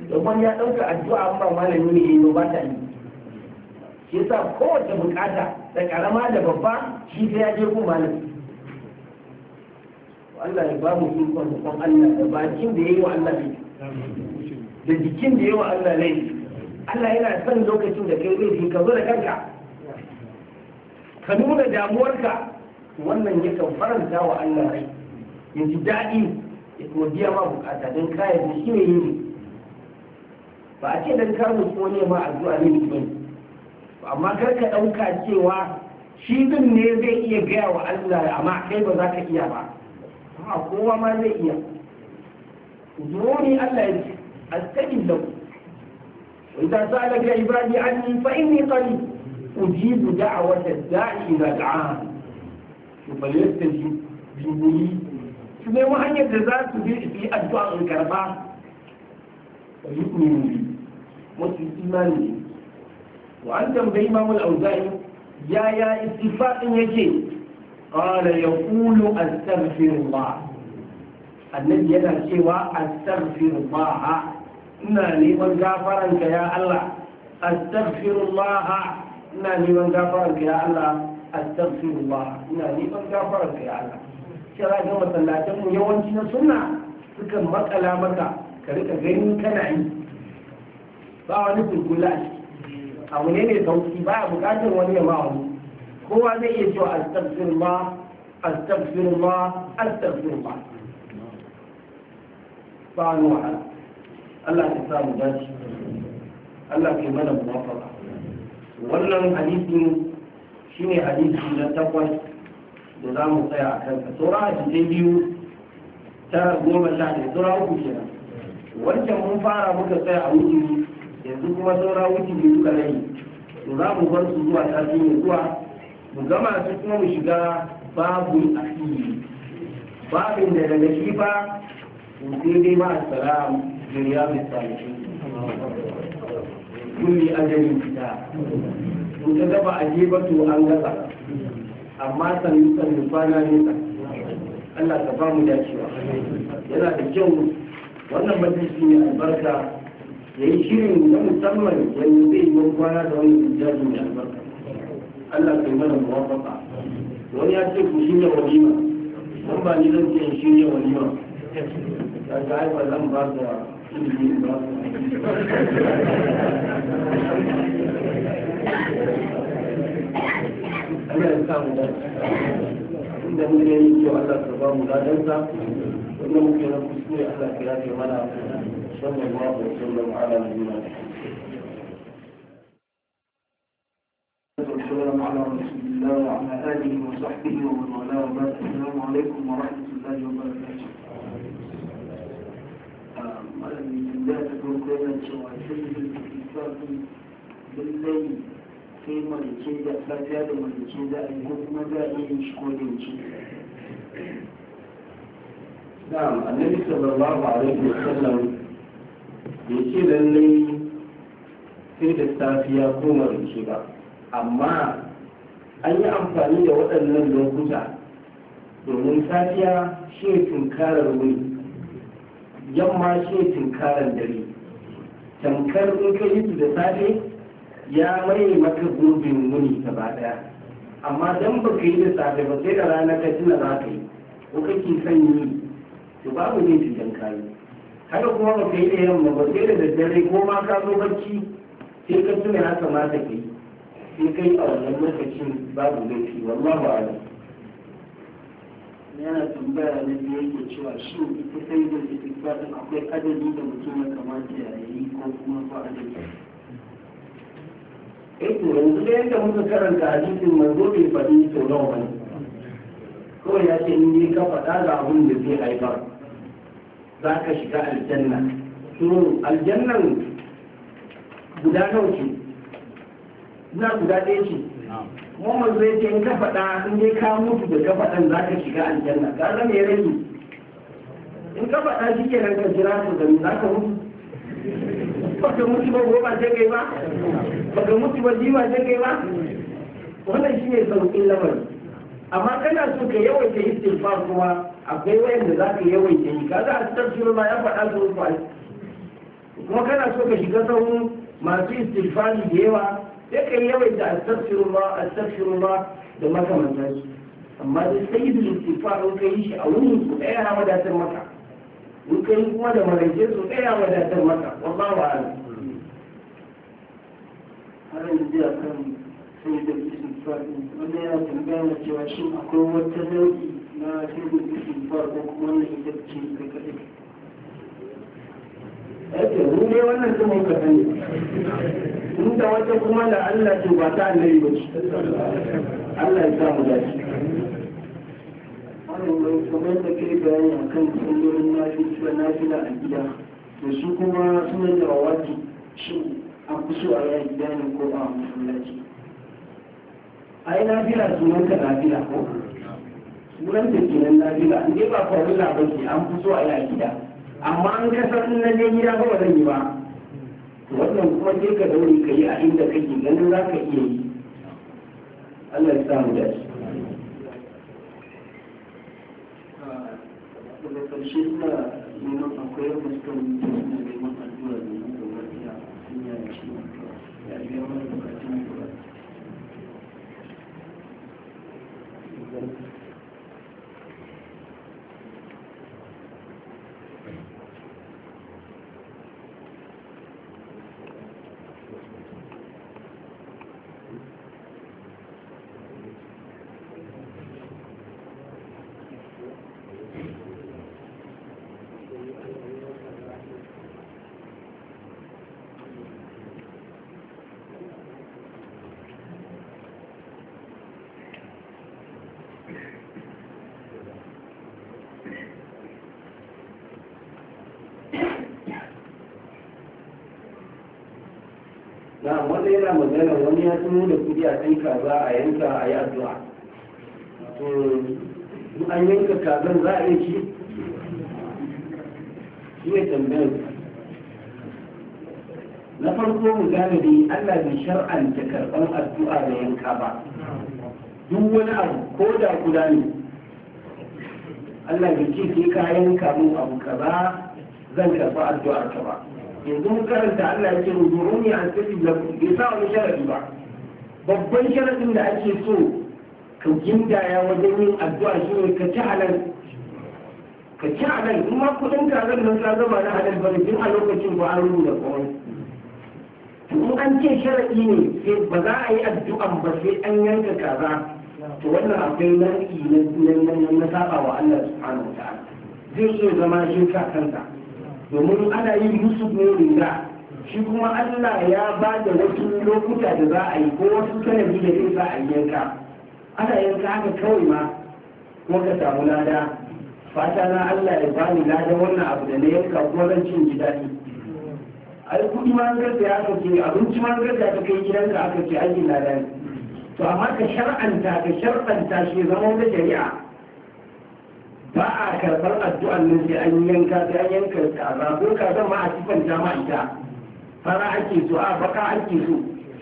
domin ya ɗauka addu'a ba malami ne yi ba ta yi shi yasa kowace bukata da karama da babba shi ta ya je ku malami Allah ya ba mu ikon kwan kon Allah da bakin da ya yi wa Allah ne da jikin da ya yi wa Allah ne Allah yana son lokacin da kai laifi ka zo da kanka ka nuna damuwarka wannan ya kan faranta wa Allah rai yanzu daɗi ya kuma biya ma bukata don kayan da shi ne yi ba a ce dan ka roƙi ba a zuwa ne ba amma kar ka ɗauka cewa shi din ne zai iya gaya wa Allah amma kai ba za ka iya ba a kowa ma zai iya zuwa ne Allah ya ce da ku wanda sa sa'alaka ibadi anni fa inni qarib ujibu da'wata da'i idza da'an to balyastaji bi ni su ne hanyar da za su bi addu'a in karba ويؤمنوا به وفي إيمانه وعن تنبيه إمام الأوزاعي يا يا اتفاق يجي قال يقول أستغفر الله النبي يدع سوى أستغفر الله إنا لمن غفرك يا الله أستغفر الله إنا لمن غفرك يا الله أستغفر الله إنا لمن غفرك يا الله kira ga masallatanmu yawanci na sunna sukan makala maka ka rika gani kana yi ba wani gurgula a ciki abu ne mai sauki ba a bukatar wani ya ma wani kowa zai iya cewa astaghfirullah astaghfirullah astaghfirullah ba wani wahala Allah ya samu dace Allah ke mana muwaffaqa wannan hadisin shine hadisi na takwas da za mu tsaya a kansa sauran hadisai biyu tara goma sha ɗaya sauran uku kenan wancan mun fara muka tsaya a wuce yanzu kuma saura ne suka rage to za mu bar su zuwa sati mai zuwa mu gama su kuma mu shiga babu asiri babin da daga shi fa sai dai ma tsara jiriya mai salihin kulli ajalin fita in ta gaba a je ba to an gaza amma sannu sannu kwana nesa Allah ka ba mu dacewa yana da kyau wannan majalisi ne albarka ya yi shirin na musamman wani zai yi kwana da wani hujjaji mai albarka Allah kai mana muwafaka wani ya ce ku shirya walima don ba ni zan ce in shirya walima ta ga haifa zan ba da ilimi ba Allah ya samu da inda mun yi kyau Allah ka ba mu ladansa إنه ممكن أن تسمي أهل كلامي ومنع صلى الله وسلم على نبينا والسلام على رسول الله وعلى آله وصحبه ومن والاه وبارك السلام عليكم ورحمة الله وبركاته. أعلم من الله تقولون شوائبه الاتفاق بالليل في مريتين فاتها لمريتين دائما هم دائما شكولين شكولين. na'am annabi sallallahu alaihi wasallam bai ce lallai ko ba amma an yi amfani da waɗannan lokuta domin safiya shi tunkarar yamma shi ne tunkarar dare tamkar in ka yi da safe ya maye maka gurbin wuni gaba amma dan baka yi da safe ba sai da rana ka tuna za ka yi ko kake son yi to mu yin dan kayu haka kuma ba ka yi da yamma ba sai da daddare ko ma ka zo bacci sai ka tuna ya kamata ka yi sai kai a wannan lokacin babu laifi wallahu a'lam yana tambaya na biyu yake cewa shi ita sai da istighfarin akwai adadi da mutum ya kamata ya yi ko kuma ba adadi eh to yanzu da yadda muka karanta hadisin manzo bai faɗi sau nawa ne. kawai ya ce in ka faɗa ga abin da zai haifar za ka shiga aljanna to aljannan guda nawa ce na guda ɗaya ce Muhammad zai ce in ka faɗa in dai ka mutu da ka zaka za ka shiga aljanna ka zama ya rage in ka faɗa shi nan ka jira ka gani za ka mutu baka mutu ba goma ta kai ba baka mutu ba jima ta kai ba wannan shi ne sauƙin lamarin amma kana so ka yawaita istighfar kuma akwai da za ka yawaita yi za a cikin ma ya faɗa su rufa kuma kana so ka shiga sahun masu istifani da yawa sai ka yawaita astaghfirullah astaghfirullah da makamantan su amma da sai da istifar in ka yi shi a wurin su ɗaya na wadatar maka in ka yi kuma da maraice su ɗaya na wadatar maka wallahu a'lam har yanzu a kan sai da istifar wanda yana tambaya cewa shin akwai wata nau'i na shirgin cikin farko kuma na ita tafi da kaɗai ake rune wannan sun muka ne. in da wata kuma da Allah ce ba ta annabi ba ce Allah ya sa mu dace wannan mai kamar da ke bayani akan sallolin nafila nafila a gida to shi kuma sunan da wawaki shi an fi so a yi gida ne ko a masallaci ai nafila sunan ka nafila ko sunan da ke nan nafila in dai ba farilla ba ke an fi so a yi a amma an kasar na ne gida ba ba zan ba wannan kuma sai ka daure ka yi a inda kake ganin za ka iya yi Allah ya mu dace daga neman akwai wasu kan neman addu'a ne na wanda yana magana wani ya tuno da kudi a kan kaza a yanka a yi addu'a to an yanka kazan za a yi shi shi ne tambayar na farko mu gane dai Allah bai shar'anta karɓar addu'a da yanka ba duk wani abu ko da guda ne Allah bai ce sai ka yanka mun abu kaza zan karɓi addu'ar ka ba yanzu mun karanta Allah ya ce rujuruni an tafi lakum bai sa wani sharadi ba babban sharadin da ake so ka gindaya wajen yin addu'a shine ka ci halal ka ci halal kuma kudin kazan nan ka zama na halal bane tun a lokacin ba an rubuta to in an ce sharadi ne sai ba za a yi addu'an ba sai an yanka kaza to wannan akwai nau'i na saba wa Allah subhanahu wa ta'ala zai iya zama shirka kansa domin ana yin musu ne riga shi kuma allah ya ba da wasu lokuta da za a yi ko wasu sanadi da za a yanka ana yanka haka kawai ma kuma ka samu lada fata na allah ya bani lada wannan abu da na yanka kuma zan cin ji daɗi ai kuɗi ma an gaza aka ce abinci ma an gaza kai gidan gidanka aka ce aikin lada ne to amma ka shar'anta ka shar'anta shi zama wata shari'a ba a karɓar addu'an nan sai an yanka sai an yanka kaza ko kaza ma a cikin jama'a ita fara ake so a baka ake so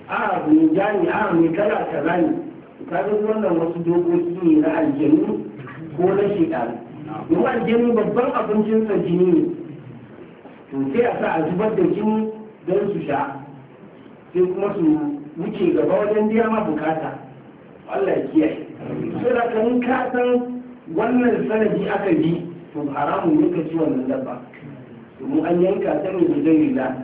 a mai jani a mai kala kaza ne kaga wannan wasu dokoki ne na aljanu ko na shekaru domin aljanu babban abincinsa jini ne to sai a sa a zubar da jini don su sha sai kuma su wuce gaba wajen biya ma bukata Allah ya kiyaye. Sai da ka san wannan sanadi aka bi to haramun yanka ci wannan dabba domin an yanka ta ne da zai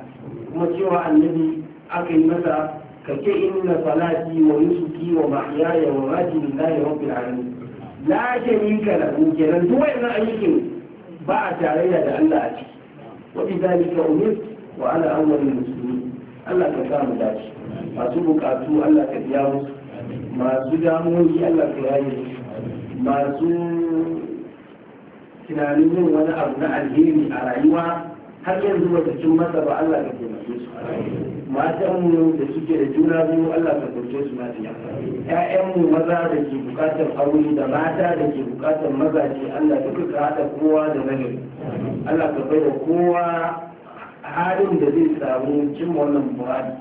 kuma cewa annabi aka yi masa kake inna salati wa nusuki wa mahyaya wa mati lillahi rabbil alamin la sharika lahu kenan duk wannan ayyukan ba a tarayya da Allah a ciki wa bidalika umir wa ala awwalul muslimin Allah ka samu dace masu bukatu Allah ka biya musu masu damuwoyi Allah ka yaye musu masu tunanin yin wani abu na alheri a rayuwa har yanzu wata cin masa ba Allah ka taimake su matanmu da suke da juna biyu Allah ka taimake su lafiya ƴaƴanmu maza da ke bukatar aure da mata da ke bukatar mazaje Allah ka duka haɗa kowa da nagari Allah ka bai da kowa halin da zai samu cimma wannan buhari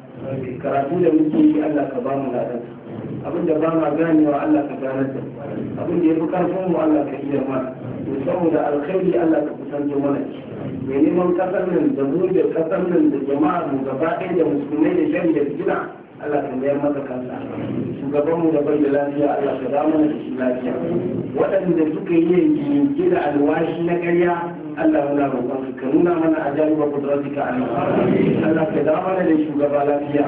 karatu da muke yi Allah ka ba mu ladansa abin da ba ma ganewa Allah ka ganar da abin da ya fi karfin mu Allah ka iya ma saboda alkhairi Allah ka kusanto mana shi mai neman kasar nan da mu da kasar nan da jama'a mu gaba ɗaya da musulmai da shari'a da gida Allah ka mayar masa kansa shugaban mu da bai da lafiya Allah ka ba mana shi lafiya waɗanda suka yi yanke da alwashi na ƙarya Allah muna roƙon ka nuna mana a jami'a kudratika Allah ka da mana da shugaba lafiya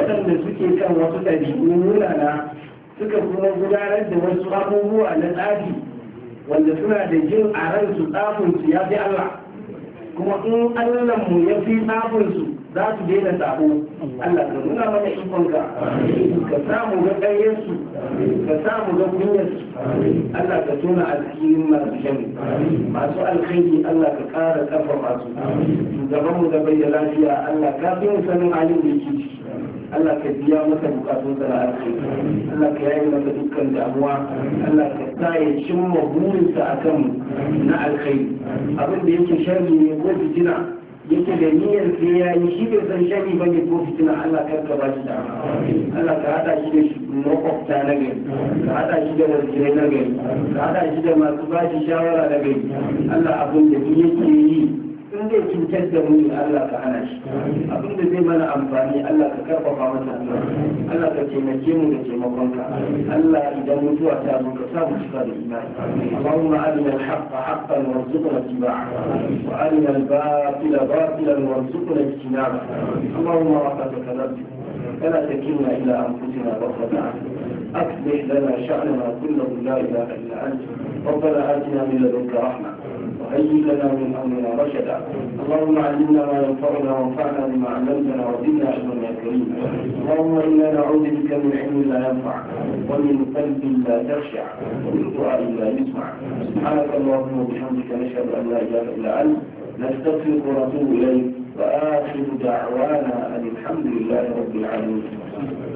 waɗanda suke kan wasu ɗabi'u munana suka kuma gudanar da wasu abubuwa na tsafi wanda suna da jin a ransu tsafinsu ya fi Allah kuma in Allah ya fi tsafinsu za su daina sabo Allah ka nuna mana ikonka ka samu ga ƙaryarsu ka samu ga kunyarsu Allah ka tona alƙirin masu shan masu alkhairi Allah ka ƙara ƙafa masu gaban mu da bayyana lafiya Allah ka fi mu sanin halin da yake Allah ka biya masa bukatun sa na alkhairi Allah ka yayi masa dukkan damuwa Allah ka sa ya cimma burinsa akan na alkhairi abin da yake sharri ne ko fitina yake da niyyar sai ya yi shi bai san shani ba ne ko fitina Allah ka ba shi da Allah ka hada shi da shi makwabta na gari ka hada shi da wazirai na gari ka hada shi da masu ba shi shawara na gari Allah abin da yake yi in zai cutar da mu Allah ka hana shi abin da zai mana amfani Allah ka karfafa masa Allah ka taimake mu da taimakonka Allah idan mutuwa ta zo ka sa mu cika da imani Allahumma arina al-haqq haqqan warzuqna ittiba'ah wa arina al-batila batilan warzuqna ijtinabah Allahumma rahmataka narju فلا تكلنا إلى أنفسنا بطلة عين أصلح لنا شأننا كله لا إله إلا أنت ربنا آتنا من لدنك رحمة وهيئ لنا من امرنا رشدا اللهم علمنا ما ينفعنا وانفعنا بما علمتنا وزدنا علما يا كريم اللهم انا نعوذ بك من علم لا ينفع ومن قلب لا تخشع ومن دعاء لا يسمع سبحانك اللهم وبحمدك نشهد ان لا اله الا انت نستغفرك ونتوب اليك واخر دعوانا ان الحمد لله رب العالمين